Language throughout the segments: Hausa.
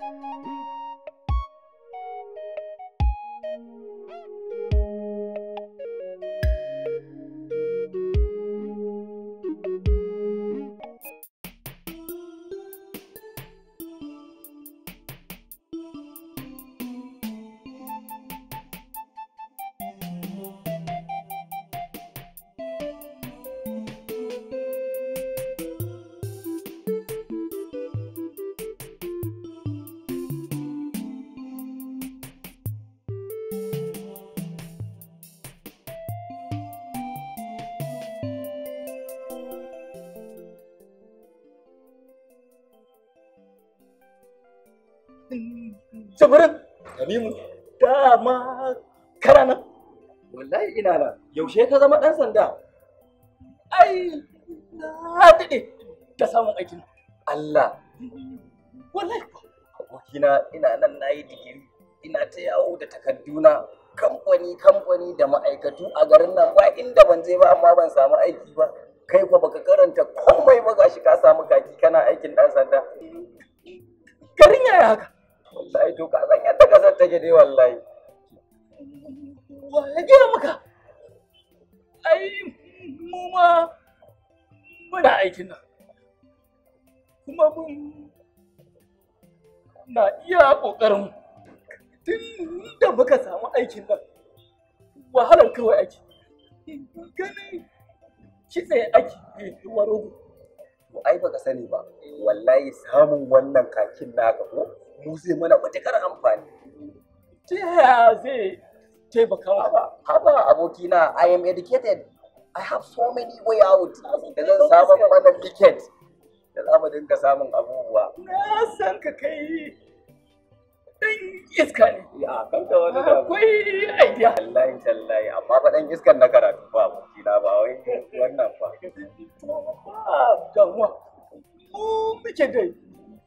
Thank you. Jibrin. Tamimu. Dama karana. nan. Wallahi ina nan. Yaushe ka zama ɗan sanda? Ai, na daɗe da samun aikin. Allah. Wallahi abokina ina nan na yi digiri. Ina ta yawo da takarduna kamfani kamfani da ma'aikatu a garin nan ba inda ban je ba amma ban samu aiki ba. Kai fa baka karanta komai ba gashi ka samu kaki kana aikin ɗan sanda. Garin yaya haka? wallahi to ka san yadda kasar take dai wallahi wa ya gina maka ai mu ma muna aikin nan kuma mun na iya ƙoƙarin tun da muka samu aikin nan wahalar kawai ake ganin kitse ake wa rogo ai baka sani ba wallahi samun wannan kakin naka ko mu zai mana matuƙar amfani ta yaya zai taimaka ba haba abokina i am educated i have so many way out da zan samun mana ticket da za mu dinga samun abubuwa na san ka kai ɗan iska ne ya kan da wani da akwai idea wallahi tallahi amma ba ɗan iskan na karatu ba abokina ba wai wannan ba ba damuwa mu muke da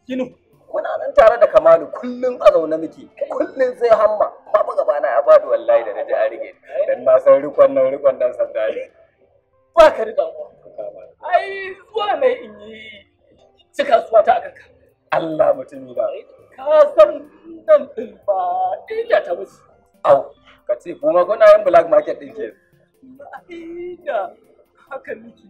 ginin muna nan tare da kamalu kullum a zaune muke kullum sai hamma babu gabana ya faɗi wallahi da naji an rike dan na san rikon nan rikon dan sanda ne ba ka riƙa ai zuwa ne in yi cika suwa ta akanka ka Allah mutumi ba ka san nan din ba inda ta musu au ka ce kuma kuna yin black market din ke ai da haka nake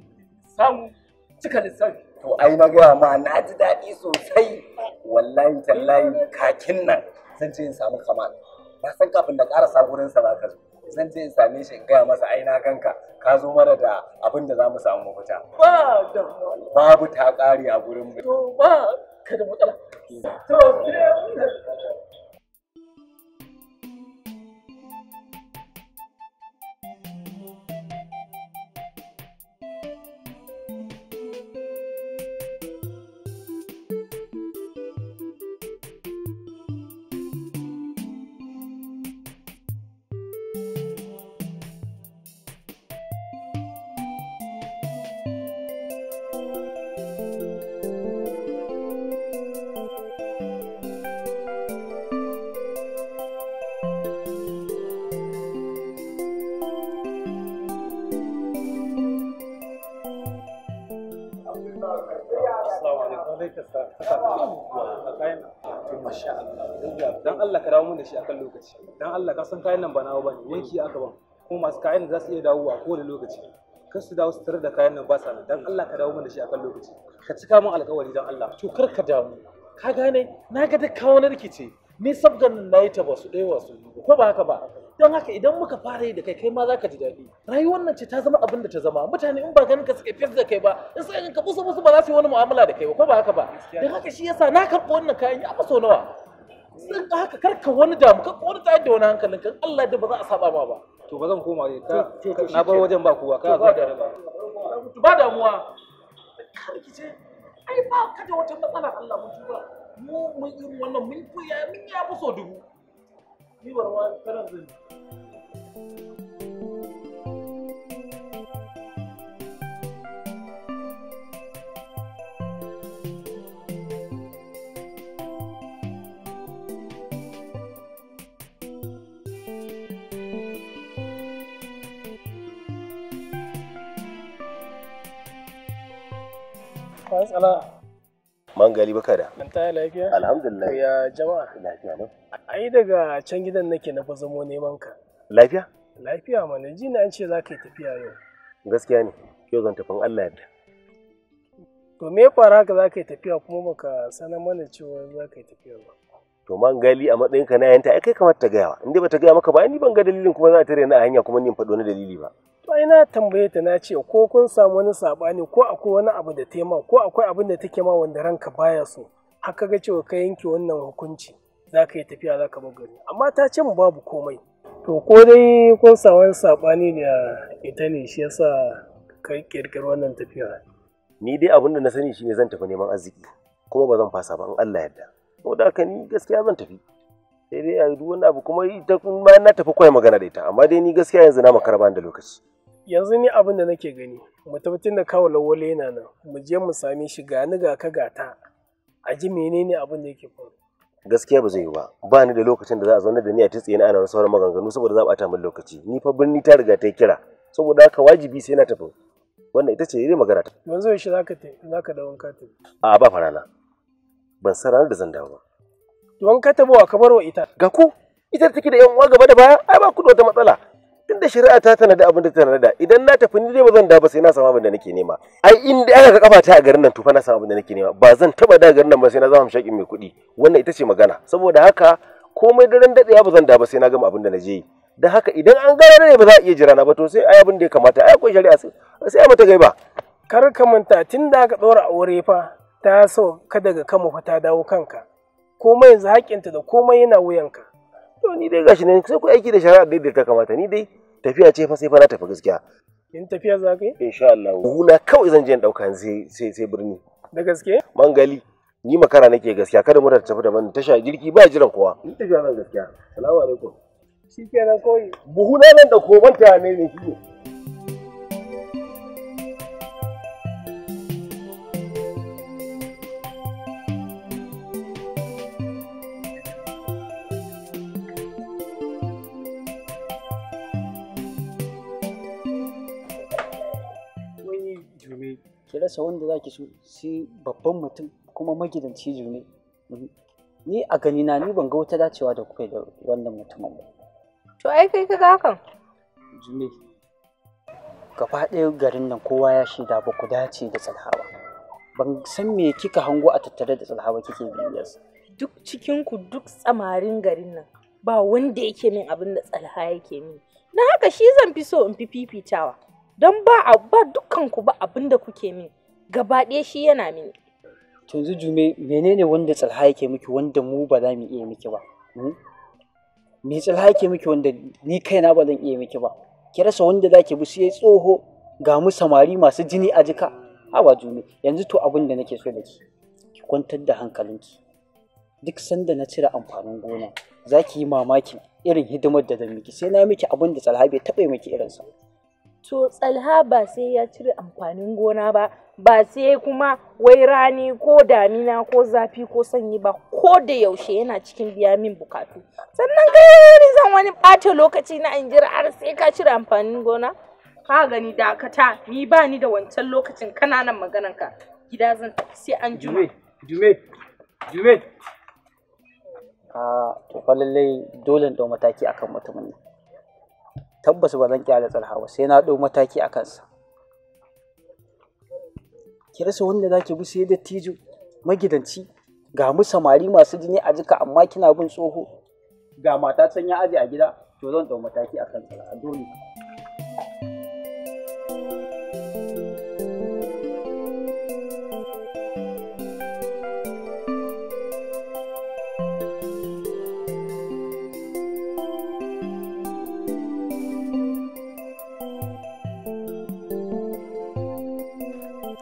samu cika lissafi to ai na gaya ma na ji daɗi sosai wallahi tallahi kakin nan zan je in samu kamar na san kafin da ƙara saburin sa ka zo zan je in same shi in gaya masa ai na ganka ka zo mara da abin da za mu samu mafita ba da babu ta ƙari a gurin mu to ba ka da matsala to zai ka sa masha Allah dan Allah ka dawo mun da shi akan lokaci dan Allah ka san kayan nan ba nawa bane aka ban kuma masu kayan za su iya dawowa a kowane lokaci kar su dawo su tarar da kayan nan ba sa dan Allah ka dawo mun da shi akan lokaci ka cika mun alkawari dan Allah to kar ka damu ka gane na ga da kawo na rikice ni sabgan na yi ta ba su ɗaya su, ko ba haka ba don haka idan muka fara yi da kai kai ma zaka ji daɗi rayuwar nan ce ta zama abin da ta zama mutane in ba ganin ka suke fes da kai ba in suka ka kusa musu ba za su yi wani mu'amala da kai ba ko ba haka ba don haka shi yasa na karɓi wannan kayan ya so nawa sun haka karka wani damu ka wani tsayar da wani hankalin kan Allah da ba za a saba ma ba to ba zan koma ne na bar wajen ba kowa ka ba ba damuwa ce, ai ba ka da wata matsala Allah mu tuba mu mun irin wannan mun ya mun ya buso dubu ciwon wani karan zai Mangali baka da. lafiya? Alhamdulillah. Ya jama'a. Lafiya lau. ai daga can gidan nake na fa zamo neman ka lafiya lafiya mana ji na an ce za ka yi tafiya yau gaskiya ne yau zan tafi Allah yadda to me fara ka za ka yi tafiya kuma baka sanar mana cewa za ka yi tafiya ba to man gali a matsayin ka na yanta ai kai kamar ta gaya in dai bata gaya maka ba ni ban ga dalilin kuma za ta rena a hanya kuma ni faɗo na dalili ba to ai na tambaye ta na ce ko kun samu wani sabani ko akwai wani abu da ta ko akwai abin da take ma wanda ranka baya so haka ga cewa ka yanke wannan hukunci za ka yi tafiya za ka gari amma ta ce mu babu komai to ko dai kun samu saɓani da ita ne shi yasa ka kirkiro wannan tafiya ni dai abin da na sani shine zan tafi neman arziki kuma ba zan fasa ba in Allah yarda to da haka ni gaskiya zan tafi sai dai a duk wani abu kuma ita kuma na tafi koyi magana da ita amma dai ni gaskiya yanzu na makara ban da lokaci yanzu ni abin da nake gani mu tabbatar da kawo lawale yana nan mu je mu same shi ga ni ga ka gata a ji menene abin da yake faru gaskiya ba zai yi ba ba ni da lokacin da za a zauna da ni a tsaye na ana wani sauran maganganu saboda za a bata min lokaci ni fa birni ta riga ta kira saboda haka wajibi sai na tafi wannan ita ce irin magana ta yanzu yaushe tafi za ka da wanka ta a ba rana. ban san ranar da zan dawo ba wanka ta bawa ka barwa ita ga ku ita take da yan uwa gaba da baya ai ba ku da wata matsala Tunda da shari'a ta tanada abin da tanada idan na tafi ni dai ba zan da ba sai na samu abin da nake nema ai in da aka kafa ta a garin nan to na samu abin da nake nema ba zan taba da garin nan ba sai na zama shakin mai kuɗi wannan ita ce magana saboda haka komai daren ya ba zan da ba sai na gama abin da na je da haka idan an gara ne ba za a iya jira na ba to sai ai abin da ya kamata ai akwai shari'a sai a mata gaiba kar ka manta tun da aka ɗora aure fa ta so ka daga kama fa ta dawo kanka komai yanzu hakinta da komai yana wuyan ka to ni dai gashi ne sai ku aiki da shari'a da ta kamata ni dai tafiya ce fa sai fa na tafi gaskiya in tafiya za ka yi insha Allah huna kawai zan je in dauka sai sai sai birni da gaske mangali ni makara nake gaskiya kada mu tafi da man tasha jirgi ba jiran kowa ni tafiya zan gaskiya assalamu alaikum shikenan koyi Buhuna nan da ko banta ne ne shi rasa wanda zaki so sai babban mutum kuma magidanci june ni a gani na ni ban ga wata dacewa da kuka da wannan mutumin ba to ai kai ka hakan june gaba ɗaya garin nan kowa ya shaida ba ku dace da tsalhawa ban san me kika hango a tattare da tsalhawa kike biyarsa duk cikin ku duk tsamarin garin nan ba wanda yake min abin da tsalha yake min na haka shi zan fi so in fi fifitawa don ba ba dukkanku ba abin da kuke min gaba ɗaya shi yana mini to yanzu jume menene wanda tsalha yake miki wanda mu ba za mu iya miki ba hmm? me tsalha yake miki wanda ni kaina ba zan iya miki ba ki rasa wanda za ki bi sai tsoho ga mu samari masu jini a jika hawa jume yanzu to abin da nake so da ki ki kwantar da hankalinki duk sanda na cire amfanin gona za ki yi mamakin irin hidimar da zan miki sai na miki abin da tsalha bai taɓa miki irinsa. sa to tsalha ba sai ya cire amfanin gona ba ba sai kuma wai rani ko damina ko zafi ko sanyi ba ko da yaushe yana cikin biya min bukatu sannan kai zan wani ɓata lokaci na in jira har sai ka cire amfanin gona ka gani dakata ni ba ni da wancan lokacin kananan maganan ka gida zan sai an jume jume jume a ah, to fa lallai dole in mataki akan mutumin tabbas ba zan kyale tsalha ba sai na ɗau mataki a kansa ki rasa wanda zaki bi sai dattijo magidanci ga mu samari masu jini a jika amma kina bin tsoho ga mata san ya aje a gida to zan ɗau mataki a kansa a dole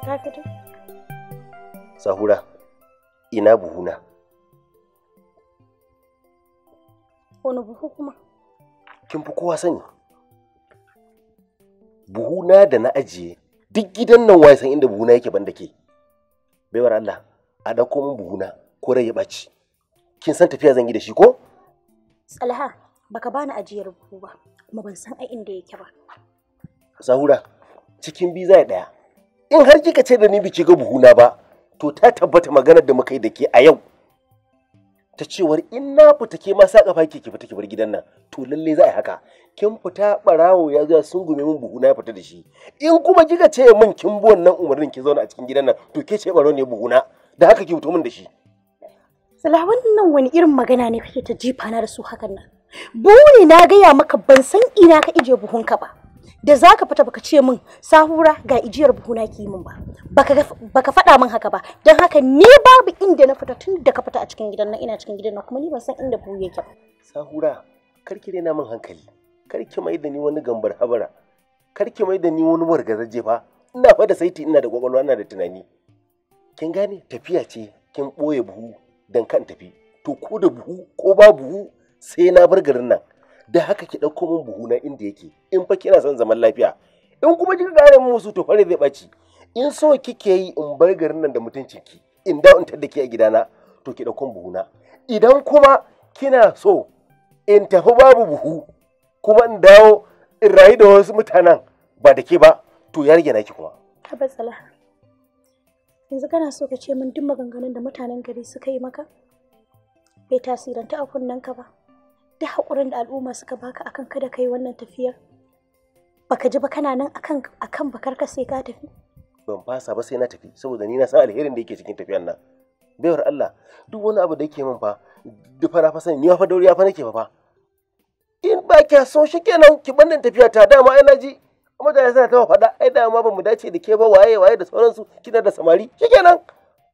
Ka Sahura, ina buhuna. Wani buhu kuma? Kin fi kowa sani. Buhuna da na ajiye duk gidan nan waye san inda buhuna yake banda ke. Baiwar Allah, a ɗauko min buhuna ko rai ya ɓaci. Kin san tafiya zan yi da shi ko? Salha, baka bani ajiyar buhu ba, kuma ban san a inda yake ba. Sahura, cikin biza ya ɗaya. in har kika ce da ni biki ga buhuna ba to ta tabbata maganar da muka yi da ke a yau ta cewar in na fita ke ma saka faki ki fita ki bar gidan nan to lalle za a yi haka kin fita barawo ya zuwa sun gume min buhuna ya fita da shi in kuma kika ce min kin bi wannan umarnin ki zauna a cikin gidan nan to ke ce baro ne buhuna da haka ki fito min da shi Sala nan wani irin magana ne kake ta jifa na da su hakan nan. Buri na gaya maka ban san ina ka ije buhunka ba. da zaka fita baka ce min sahura ga ijiyar buhuna ki min ba baka faɗa min haka ba don haka ni babu inda na fita tun da ka fita a cikin gidan nan ina cikin gidan nan kuma ni ban san inda buhu yake sahura karki rena min hankali karki mai da ni wani gambar habara karki mai da ni wani wargazaje fa ina fa da saiti ina da kwakwalwa ina da tunani kin gane tafiya ce kin ɓoye buhu dan kan tafi to ko da buhu ko ba buhu sai na bar garin nan da haka ki ɗauko min buhu na inda yake in fa kina son zaman lafiya in kuma kika gane mu musu to fare zai ɓaci in so kike yi in bar garin nan da mutuncin ki in da in da ke a gidana to ki ɗauko buhu na idan kuma kina so in tafi babu buhu kuma in dawo in rayu da wasu mutanen ba da ke ba to ya rage naki kuma haba salaha yanzu kana so ka ce min duk maganganun da mutanen gari suka yi maka bai tasiranta a kunnen ka ba da haƙurin da al'umma suka baka akan kada kai wannan tafiyar baka ji ba kana nan akan akan bakar ka sai ka tafi ban fasa ba sai na tafi saboda ni na san alherin da yake cikin tafiyar nan baiwar Allah duk wani abu da yake min fa duk fa na fa sani ni fa dauriya fa nake fa fa in ba kya so shi kenan ki bannin tafiya ta dama ai naji ji mutane yasa ta faɗa ai dama ba mu dace da ke ba waye waye da sauransu kina da samari shi kenan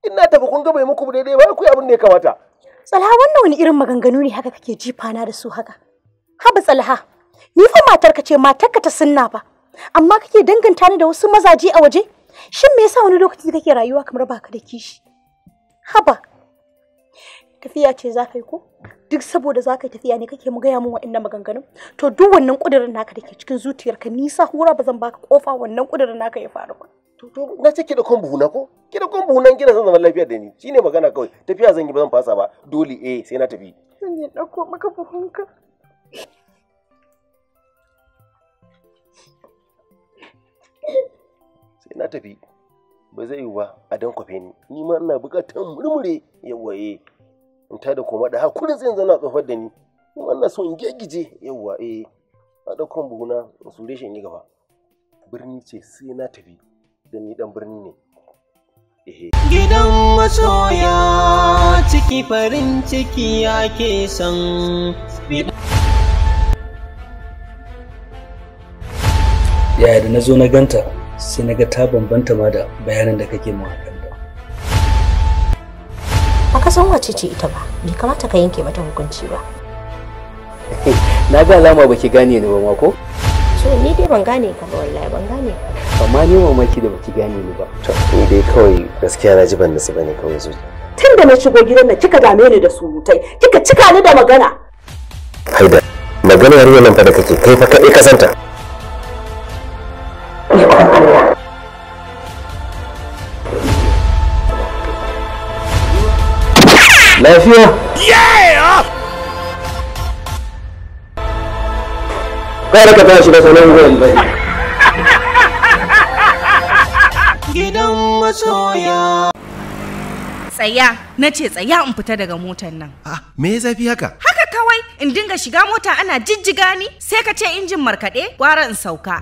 in na tafi kun ga bai muku daidai ba ku abin da ya kamata Tsalha wannan wani irin maganganu ne haka kake jifana da su haka. Haba tsalha, ni fa matarka ce matarka ta sunna ba, amma kake danganta ni da wasu mazaje a waje? Shin me yasa wani lokaci kake rayuwa kamar baka da kishi? Haba, tafiya ce za ka yi ko duk saboda za ka yi tafiya ne kake mu gaya min wa'annan maganganun to duk wannan ƙudurin naka da ke cikin zuciyarka nisa hura ba zan baka kofa wannan ƙudurin naka ya faru ba to to na ce ki da kon buhuna ko ki da kon buhunan gina zan zama lafiya da ni shine magana kawai tafiya zan yi ba zan fasa ba dole eh sai na tafi zan je dauko maka buhunka sai na tafi ba zai yi ba a dan kwafe ni ni ma ina bukatar murmure yawaye eh. in ta da koma da hakuri zai zana tsofar da ni wannan so in gegije yawwa eh a ɗaukan buhuna in sure shi in yi gaba birni ce sai na tafi don ni dan birni ne eh. Gidan masoya ciki farin ciki ake san Yaya da na zo na ganta sai na ga ta bambanta ma da bayanan da kake mu hakan. san wace ce ita ba bai kamata ka yanke mata hukunci ba na ga alama baki gane ni ba ma ko so ni dai ban gane ka ba wallahi ban gane ka amma ni mamaki da baki gane ni ba to ni dai kawai gaskiya na ji ban nasu bane kawai zuci tun da na shigo gidan nan kika dame ni da surutai kika cika ni da magana kai da magana maganar nan fa da kake kai fa kai ka santa lafiya kare ka tashi da salon zai bai gidan masoya tsaya na ce tsaya in fita daga motar nan ah me ya zafi haka haka kawai in dinga shiga mota ana jijjiga ni sai ka ce injin markaɗe gwara in sauka